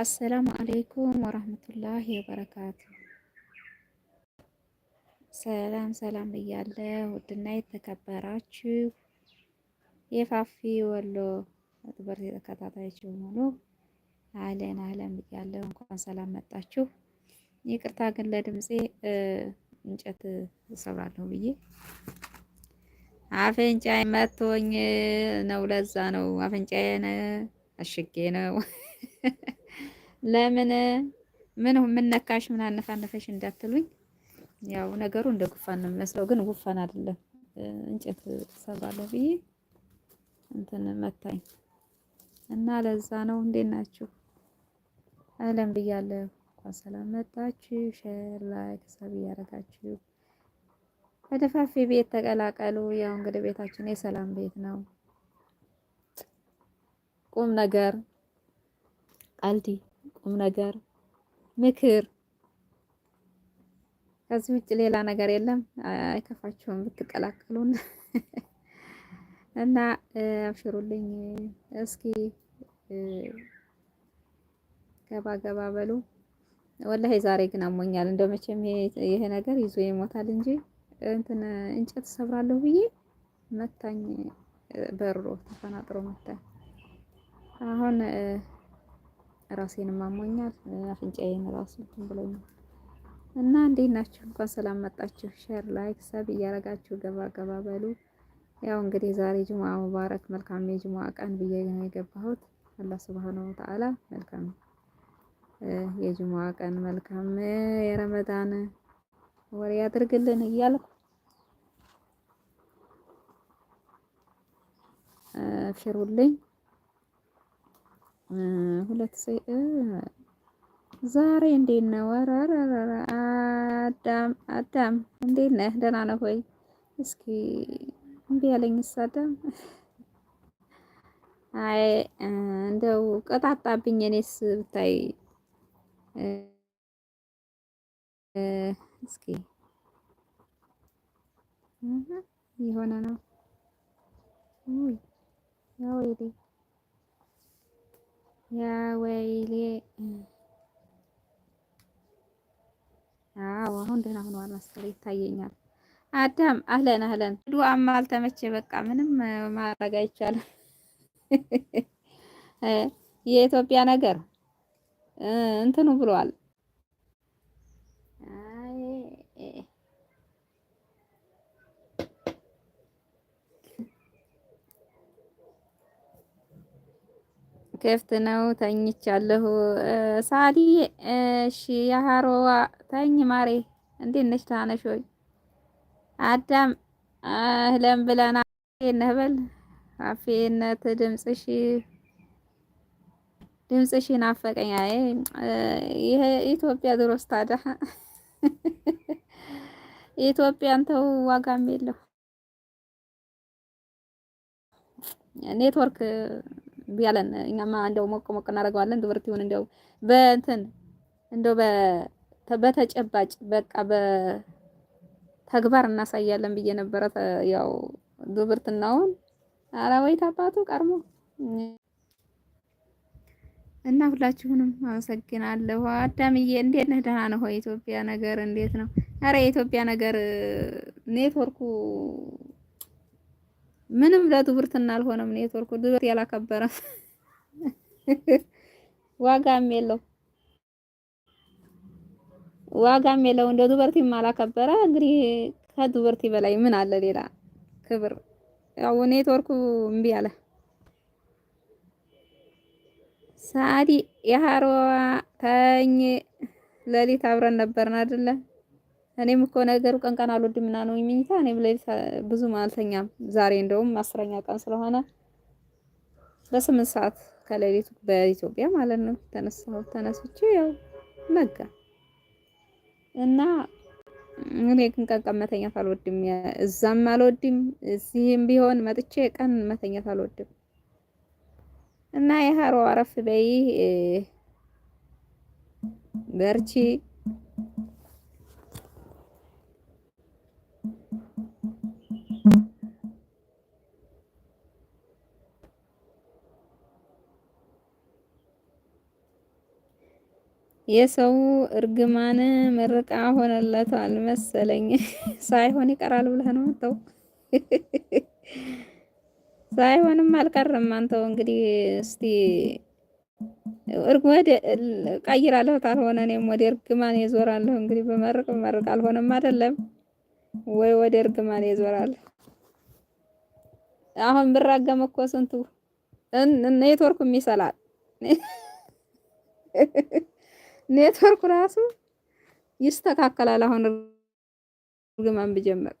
አሰላሙ አሌይኩም ወረህመቱላሂ ወበረካቱ። ሰላም ሰላም እያለ ውድና የተከበራችሁ የፋፊ ወሎ ትምህርት ተከታታዮች የሆኑ አለን አለን ብያለሁ። እንኳን ሰላም መጣችሁ። ይቅርታ ግን ለድምፄ እንጨት እሰብራለሁ ብዬ አፍንጫዬ መቶኝ ነው። ለዛ ነው አፍንጫዬን አሽጌ ነው ለምን ምን ነካሽ ምን አነፋነፈሽ እንዳትሉኝ። ያው ነገሩ እንደ ጉፋን ነው የሚመስለው፣ ግን ጉፋን አይደለም። እንጨት ሰባለሁ ብዬ እንትን መታኝ እና ለዛ ነው። እንዴት ናችሁ? አለም ብያለሁ። እንኳን ሰላም መጣችሁ። ሼር ላይክ ሰብ እያደረጋችሁ በደፋፊ ቤት ተቀላቀሉ። ያው እንግዲህ ቤታችን የሰላም ቤት ነው። ቁም ነገር ቀልዲ ቁም ነገር ምክር ከዚህ ውጭ ሌላ ነገር የለም። አይከፋችሁም ብትቀላቀሉን እና አብሽሩልኝ። እስኪ ገባ ገባ በሉ። ወላሂ ዛሬ ግን አሞኛል። እንደ መቼም ይሄ ነገር ይዞ ይሞታል እንጂ እንትን እንጨት ሰብራለሁ ብዬ መታኝ፣ በሮ ተፈናጥሮ መታኝ። አሁን ራሴንም አሞኛል፣ አፍንጫዬን ራሱ እንትን ብሎኛል እና እንዴት ናችሁ? እንኳን ሰላም መጣችሁ። ሼር ላይክ ሰብ እያረጋችሁ ገባ ገባ በሉ። ያው እንግዲህ ዛሬ ጅሙዓ ሙባረክ መልካም የጅሙዓ ቀን ብዬ ነው የገባሁት። አላህ ሱብሃነሁ ወተዓላ መልካም የጅሙዓ ቀን መልካም የረመዳን ወሬ ያድርግልን እያልኩ አብሽሩልኝ። ሁለት ሰ ዛሬ እንዴት ነው? ወራራራ አዳም አዳም እንዴት ነህ? ደህና ነህ ወይ? እስኪ እምቢ ያለኝ አዳም። አይ እንደው ቀጣጣብኝ። እኔስ ብታይ እስኪ የሆነ ነው ያው ያወይሌ አዎ አሁን ደህና ሆኗል መሰለኝ ይታየኛል። አዳም አህለን አህለን። ዱአማ አልተመቼ በቃ ምንም ማድረግ አይቻልም። የኢትዮጵያ ነገር እንትኑ ብሏል ክፍት ነው። ተኝቻለሁ። ሳዲ እሺ፣ የሀሮዋ ተኝ ማሬ፣ እንዴት ነሽ? ታነሽ ወይ አዳም እህለን ብለና ነበል አፌነት ድምጽሽ ድምጽሽ ናፈቀኛ። ይሄ ኢትዮጵያ ድሮስ ታዲያ ኢትዮጵያን ተው፣ ዋጋም የለው ኔትወርክ ያለን እኛማ እንደው ሞቅ ሞቅ እናደርገዋለን። ድብርት ይሁን እንደው በእንትን እንደው በ በተጨባጭ በቃ በተግባር እናሳያለን ብዬ ነበረ። ያው ድብርትናውን አራወይት አባቱ ቀርሞ እና ሁላችሁንም አመሰግናለሁ። አዳምዬ እንዴት ነህ? ደህና ነው ሆይ? ኢትዮጵያ ነገር እንዴት ነው? አረ የኢትዮጵያ ነገር ኔትወርኩ ምንም ለድብርትና አልሆነም። ኔትወርኩ ድብርት ያላከበረ ዋጋም የለው ዋጋም የለው። እንደ ድብርት አላከበረ እንግዲህ ከድብርት በላይ ምን አለ ሌላ ክብር? ያው ኔትወርኩ እምቢ አለ። ሳዲ የሀሮዋ ተኝ ለሊት አብረን ነበርን አይደለ? እኔም እኮ ነገሩ ቀን ቀን አልወድም እና ነው የሚኝታ። እኔም ሌሊት ብዙ አልተኛም። ዛሬ እንደውም አስረኛ ቀን ስለሆነ በስምንት ሰዓት ከሌሊቱ በኢትዮጵያ ማለት ነው ተነሳሁት። ተነስቼ ያው ነጋ እና እኔ ግን ቀን ቀን መተኛት አልወድም። እዛም አልወድም፣ እዚህም ቢሆን መጥቼ ቀን መተኛት አልወድም እና የሀሮ አረፍ በይ በርቺ የሰው እርግማን ምርቃ ሆነለታል መሰለኝ። ሳይሆን ይቀራል ብለህ ነው ተው፣ ሳይሆንም አልቀርም። አንተው እንግዲህ እስቲ ቀይራለሁ፣ ካልሆነ እኔም ወደ እርግማን የዞራለሁ። እንግዲህ በመርቅ መርቅ አልሆነም አይደለም ወይ? ወደ እርግማን የዞራለሁ። አሁን ብራገም እኮ ስንቱ ኔትወርኩም ይሰላል። ኔትወርክ ራሱ ይስተካከላል። አሁን እርግማን ብጀመር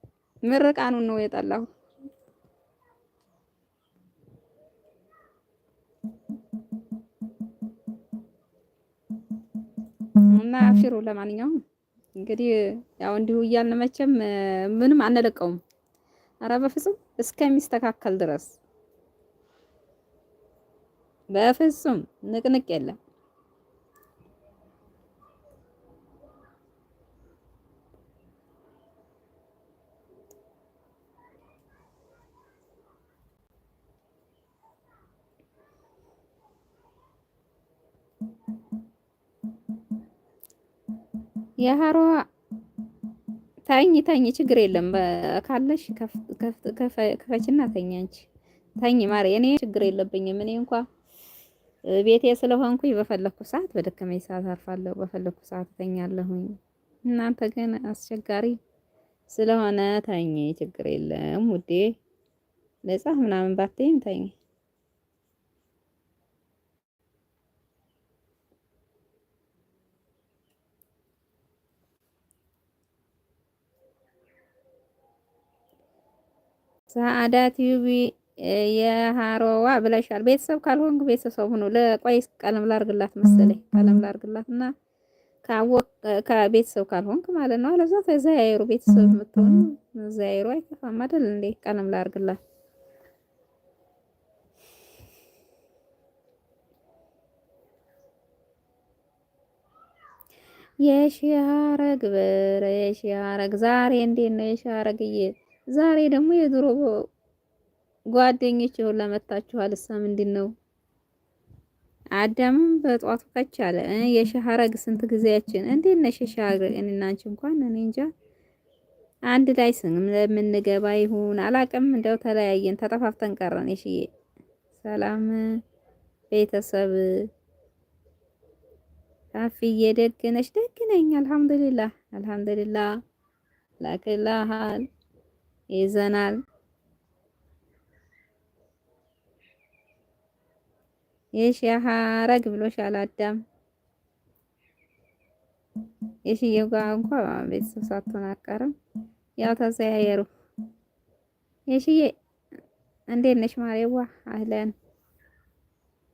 ምርቃኑን ነው የጠላሁ። እና አብሽሩ። ለማንኛውም እንግዲህ ያው እንዲሁ እያልን መቼም ምንም አንለቀውም። አረ በፍጹም እስከሚስተካከል ድረስ በፍጹም ንቅንቅ የለም። የሀሯ ታኝ ታኝ ችግር የለም ካለሽ ከፈችና ተኛንች ታኝ ማር እኔ ችግር የለብኝም። እኔ እንኳ ቤቴ ስለሆንኩኝ በፈለኩ ሰዓት በደከመኝ ሰዓት አርፋለሁ፣ በፈለኩ ሰዓት ተኛለሁኝ። እናንተ ግን አስቸጋሪ ስለሆነ ታኝ ችግር የለም ውዴ፣ ነጻ ምናምን ባትይም ታኝ ሰአዳት ዩቢ የሃሮዋ ብለሻል። ቤተሰብ ካልሆንክ ቤተሰብ ሁኑ። ለቆይ ቀለም ላርግላት መሰለኝ ቀለም ላርግላትና ካወቅ ከቤተሰብ ካልሆንክ ማለት ነው። አለዛ ተዘያየሩ ቤተሰብ የምትሆኑ ተዘያየሩ አይከፋም አይደል እንዴ? ቀለም ላርግላት የሺ ሀረግ ብር የሺ ሀረግ ዛሬ እንዴት ነው የሺ ሀረግዬ? ዛሬ ደግሞ የድሮ ጓደኞች ይሁን ለመታችኋል። እሳ ምንድን ነው አዳምም በጧቱ ከች አለ። የሻሃረግ ስንት ጊዜያችን እንዴት ነሽ ሻሃረግ? እኔና አንቺ እንኳን እኔ እንጃ አንድ ላይ ስለምንገባ ይሁን አላቅም፣ እንደው ተለያየን፣ ተጠፋፍተን ቀረን። እሺዬ ሰላም ቤተሰብ ካፍዬ ደግነሽ? ደግነኝ። አልሐምዱሊላህ አልሐምዱሊላህ ላክላሃል ይዘናል። የሺ ሀረግ ብሎሻል አዳም የሺ የጓ እንኳ ቤተሰብ ሳትሆን አቀርም ያው ተዘያየሩ። የሺዬ እንዴት ነሽ ማሬዋ? አህለን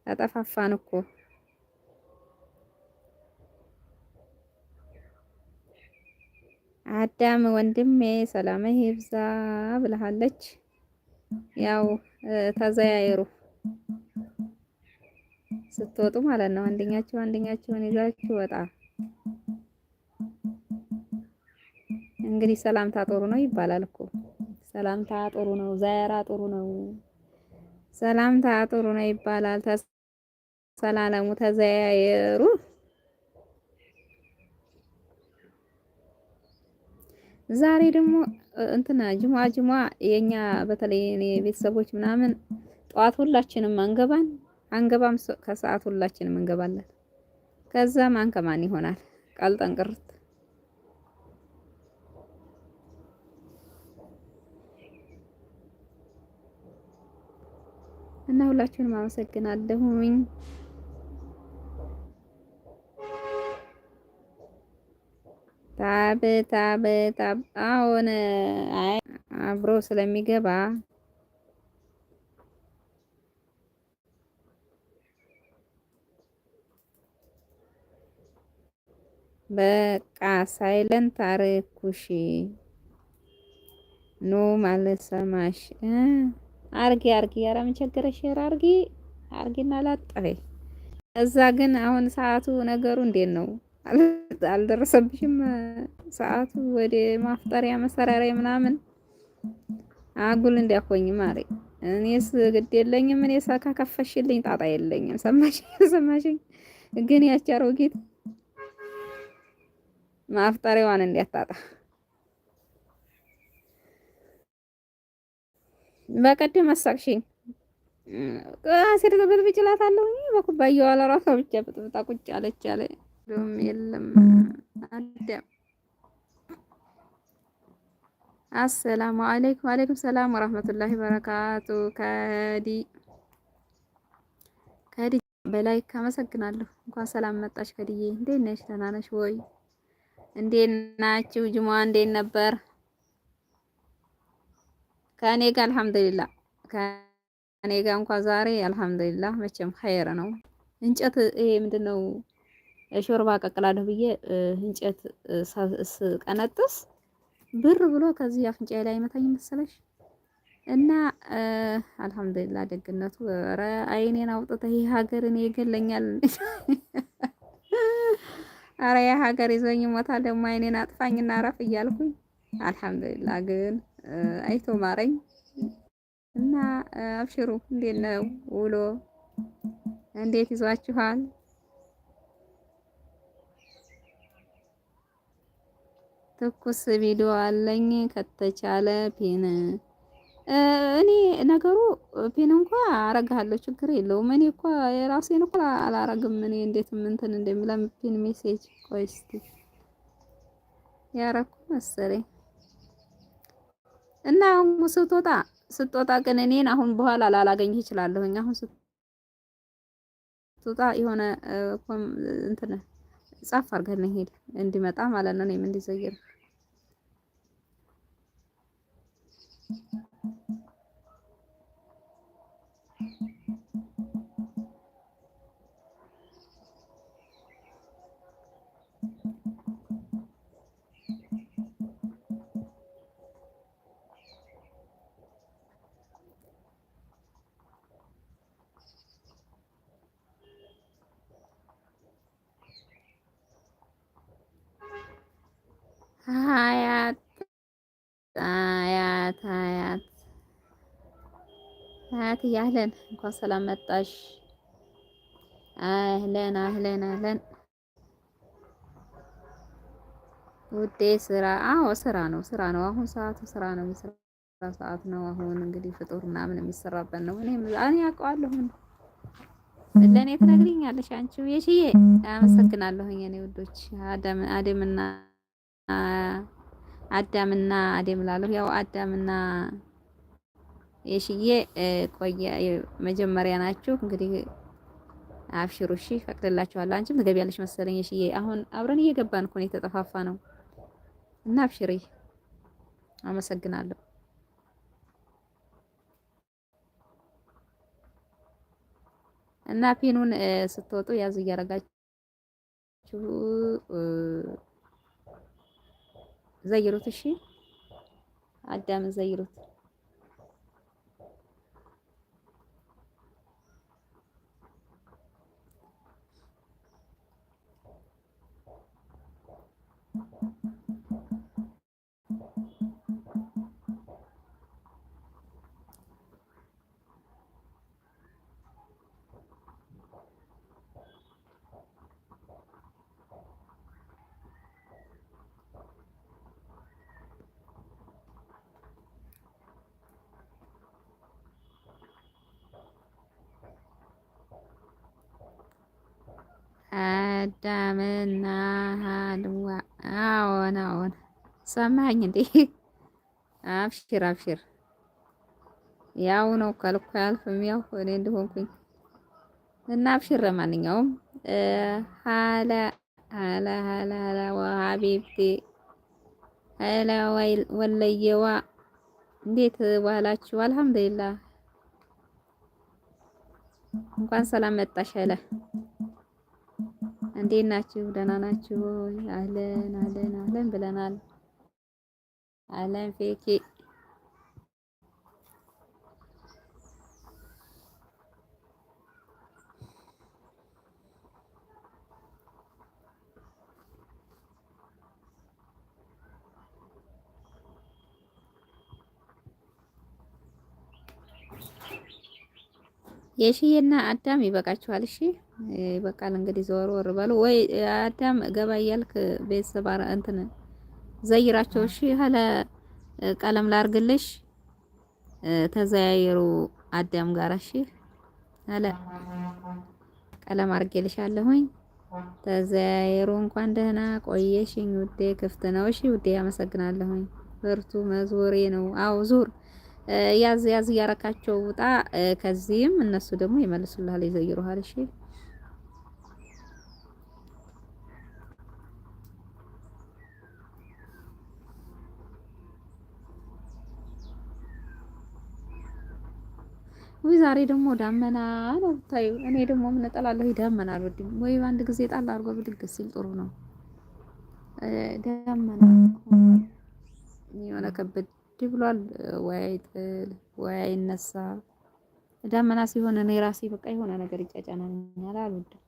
ተጠፋፋን እኮ አዳም ወንድሜ ሰላም ይብዛ ብለሃለች። ያው ተዘያየሩ ስትወጡ ማለት ነው። አንደኛችሁ አንደኛችሁን ይዛችሁ ወጣ። እንግዲህ ሰላምታ ጥሩ ነው ይባላል እኮ ሰላምታ ጥሩ ነው፣ ዛያራ ጥሩ ነው፣ ሰላምታ ጥሩ ነው ይባላል። ተሰላለሙ፣ ተዘያየሩ ዛሬ ደግሞ እንትና ጅማ ጅማ የኛ በተለይ እኔ ቤተሰቦች ምናምን ጠዋት ሁላችንም አንገባን አንገባም፣ ከሰዓት ሁላችንም እንገባለን። ከዛ ማን ከማን ይሆናል ቀልጠን ቅርት እና ሁላችሁንም አመሰግናለሁኝ። ታብ ታብ ታብ አሁን አብሮ ስለሚገባ በቃ ሳይለንት አረኩሽ። ኖ ማለት ሰማሽ አርጊ አርጊ ኧረ ምን ቸገረሽ? ሼር አርጊ አርጊና ላጠፈ እዛ ግን አሁን ሰዓቱ ነገሩ እንዴት ነው? አልደረሰብሽም ሰዓቱ ወደ ማፍጠሪያ መሰራሪያ ምናምን አጉል እንዲያኮኝ ማሪ እኔስ ግድ የለኝም። እኔ ሳካ ከፈሽልኝ ጣጣ የለኝም። ሰማሽ ሰማሽኝ። ግን ያቺ አሮጊት ማፍጠሪያዋን እንዲያታጣ በቀደም አሳቅሽኝ። አሴር ብጭላት አለሁኝ በኩባያዋ ለራሷ ብቻ ብጥብጣ ቁጭ አለች አለ እንደውም የለም አዳም አሰላሙ አለይኩም ወአለይኩም ሰላም ወራህመቱላሂ በረካቱ። ከዲ ከዲ በላይ አመሰግናለሁ። እንኳን ሰላም መጣሽ ከዲዬ። እንዴት ነሽ? ደህና ነሽ ወይ? እንዴት ናችሁ? ጅማ እንዴት ነበር? ከእኔ ጋር አልሐምዱሊላ ከእኔ ጋር እንኳን ዛሬ አልሐምዱሊላ መቼም ኸይር ነው። እንጨት ይሄ ምንድን ነው? ሾርባ ቀቅላለሁ ብዬ እንጨት ስቀነጥስ ብር ብሎ ከዚህ አፍንጫዬ ላይ አይመታኝ መሰለሽ። እና አልሐምዱሊላ ደግነቱ ኧረ አይኔን አውጥተ ይህ ሀገር እኔ ይገለኛል። ኧረ ይህ ሀገር ይዞኝ ሞታል። ደግሞ አይኔን አጥፋኝና አረፍ እያልኩኝ አልሐምዱሊላ ግን አይቶ ማረኝ። እና አብሽሩ እንዴት ነው ውሎ? እንዴት ይዟችኋል? ትኩስ ቪዲዮ አለኝ ከተቻለ ፒን እኔ ነገሩ ፒን እንኳ አረጋለሁ፣ ችግር የለውም። እኔ እኮ የራሴን እኮ አላረግም። እኔ እንዴት ምንትን እንደሚለም ፒን ሜሴጅ ቆይስቲ ያረኩ መሰለኝ እና አሁን ስትወጣ ስትወጣ ግን እኔን አሁን በኋላ ላላገኝህ እችላለሁኝ። አሁን ስትወጣ የሆነ እንትን ጻፍ አድርገን ሄድ እንዲመጣ ማለት ነው እኔም እንዲዘይር ሰማያት አህለን፣ እንኳን ሰላም መጣሽ። አህለን አህለን አህለን። ውዴ ስራ? አዎ ስራ ነው፣ ስራ ነው። አሁን ሰዓቱ ስራ ነው፣ የስራ ሰዓት ነው። አሁን እንግዲህ ፍጡር ምናምን የሚሰራበት ነው። እኔ እኔ አውቀዋለሁ። ለእኔ ትነግሪኛለሽ አንቺ የሽዬ። አመሰግናለሁኝ እኔ ውዶች አዳም አዳምና አዳምና አዳም ላለሁ ያው አዳምና የሽዬ ቆየ መጀመሪያ ናችሁ እንግዲህ አብሽሩ እሺ፣ ፈቅድላችኋለሁ። አንቺም ትገቢያለሽ መሰለኝ የሽዬ። አሁን አብረን እየገባን እኮ ነው የተጠፋፋ ነው እና አብሽሪ። አመሰግናለሁ። እና ፒኑን ስትወጡ ያዙ እያደረጋችሁ ዘይሩት። እሺ፣ አዳም ዘይሩት። አዳምና ሐልዋ አዎን አዎን፣ ሰማኸኝ እንዴ? አብሽር አብሽር፣ ያው ነው ከልኩ አያልፍም። ያው እኔ እንደሆንኩኝ እና አብሽር። ለማንኛውም ሀላ ሀላ ሀላ ሀላ ወሀቢብቲ ሀላ ወለየዋ፣ እንዴት ዋላችሁ? አልሐምዱሊላህ። እንኳን ሰላም መጣሽ አለ እንዴት ናችሁ? ደህና ናችሁ? አለን አለን አለን ብለናል። አለን ፌኬ የሽዬና አዳም ይበቃችኋል። እሺ ይበቃል። እንግዲህ ዘወር ወር በሉ። ወይ አዳም ገባ እያልክ ቤተሰብ እንትን ዘይራቸው። እሺ ሀለ ቀለም ላርግልሽ ተዘያየሩ አዳም ጋር እሺ ሀለ ቀለም አርጌልሻለሁኝ። ተዘያየሩ። እንኳን ደህና ቆየሽኝ ውዴ። ክፍት ነው። እሺ ውዴ፣ ያመሰግናለሁኝ። በርቱ። መዞሬ ነው። አዎ ዙር ያዝ ያዝ እያረካቸው ውጣ። ከዚህም እነሱ ደግሞ ይመልሱልሃል፣ ይዘይሩሃል። እሺ ወይ ዛሬ ደግሞ ዳመና ነው ታዩ። እኔ ደግሞ ምን እጠላለሁ ዳመና አልወድም። ወይ በአንድ ጊዜ ጣል አድርጎ ብድግ ሲል ጥሩ ነው። ዳመና የሆነ ከበድ እንዲህ ብሏል ወይ አይጥል ወይ አይነሳ። ዳመና ሲሆን እኔ ራሴ በቃ የሆነ ነገር ይጫጫናኛል አልወድም።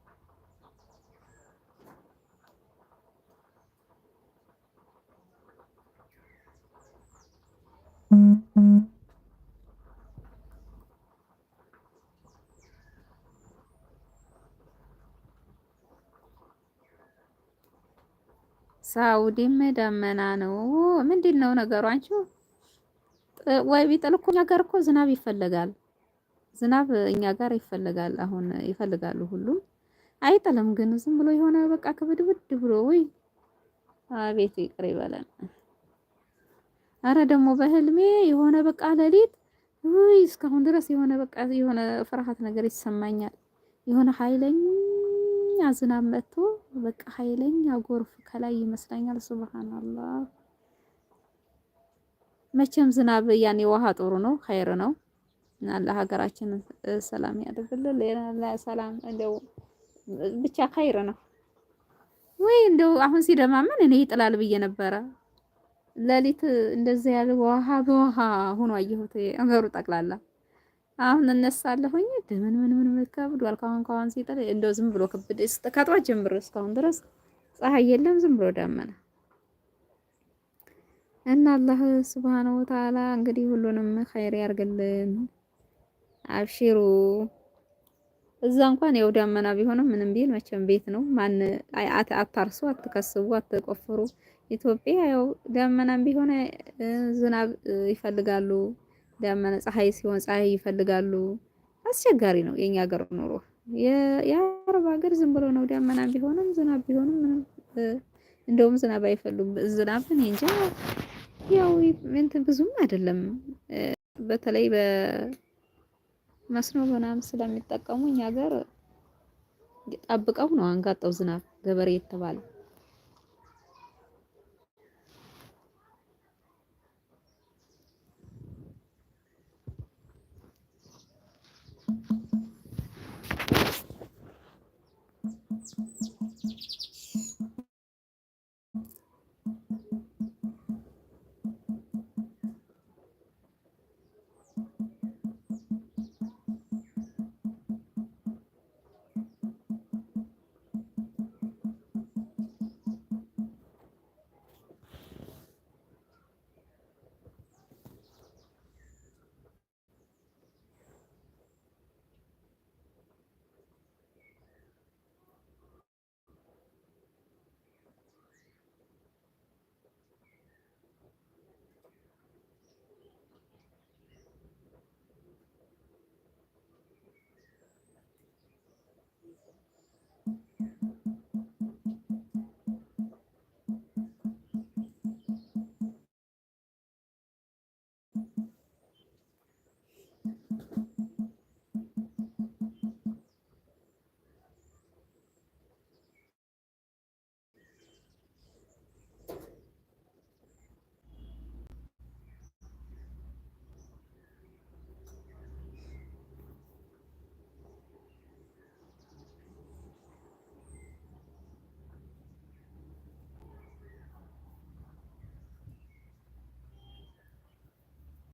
ሳውዲም ደመና ነው ምንድን ነው ነገሩ ወይ ቢጥል እኮ እኛ ጋር እኮ ዝናብ ይፈልጋል። ዝናብ እኛ ጋር ይፈልጋል። አሁን ይፈልጋሉ ሁሉም አይጠለም ግን ዝም ብሎ የሆነ በቃ ክብድብድ ብሎ ወይ አቤት ይቅር ይበለን። አረ ደግሞ በህልሜ የሆነ በቃ ሌሊት ውይ እስካሁን ድረስ የሆነ በቃ የሆነ ፍርሃት ነገር ይሰማኛል። የሆነ ኃይለኛ ዝናብ መጥቶ በቃ ኃይለኛ ጎርፍ ከላይ ይመስለኛል። ሱብሃንአላህ መቼም ዝናብ ያኔ ውሃ ጥሩ ነው፣ ኸይር ነው እና ለሀገራችን ሰላም ያደርግልን። ሰላም እንደው ብቻ ኸይር ነው ወይ እንደው አሁን ሲደማመን እኔ ይጥላል ብዬ ነበረ። ለሊት እንደዚህ ያለ ውሃ በውሃ ሆኖ አየሁት አገሩ ጠቅላላ። አሁን እነሳለሁኝ ምን ምን ምን ከብዷል። ካሁን ካሁን ሲጥል እንደው ዝም ብሎ ክብድ ከጧት ጀምሮ እስካሁን ድረስ ፀሐይ የለም ዝም ብሎ ዳመና እና አላህ ስብሓነሁ ወተዓላ እንግዲህ ሁሉንም ኸይር ያርግልን። አብሽሩ እዛ እንኳን ያው ዳመና ቢሆንም ምንም ቢል መቼም ቤት ነው። ማን አታርሱ፣ አትከስቡ፣ አትቆፍሩ። ኢትዮጵያ ያው ዳመናም ቢሆን ዝናብ ይፈልጋሉ። ዳመና ፀሐይ ሲሆን ፀሐይ ይፈልጋሉ። አስቸጋሪ ነው የኛ ሀገር ኑሮ። የአረብ ሀገር ዝም ብሎ ነው። ዳመናም ቢሆንም ዝናብ ቢሆንም ምንም እንደውም ዝናብ አይፈልጉም። ዝናብ እንጃ ያው እንትን ብዙም አይደለም። በተለይ በመስኖ ምናምን ስለሚጠቀሙ እኛ ሀገር ጠብቀው ነው አንጋጠው ዝናብ ገበሬ የተባለ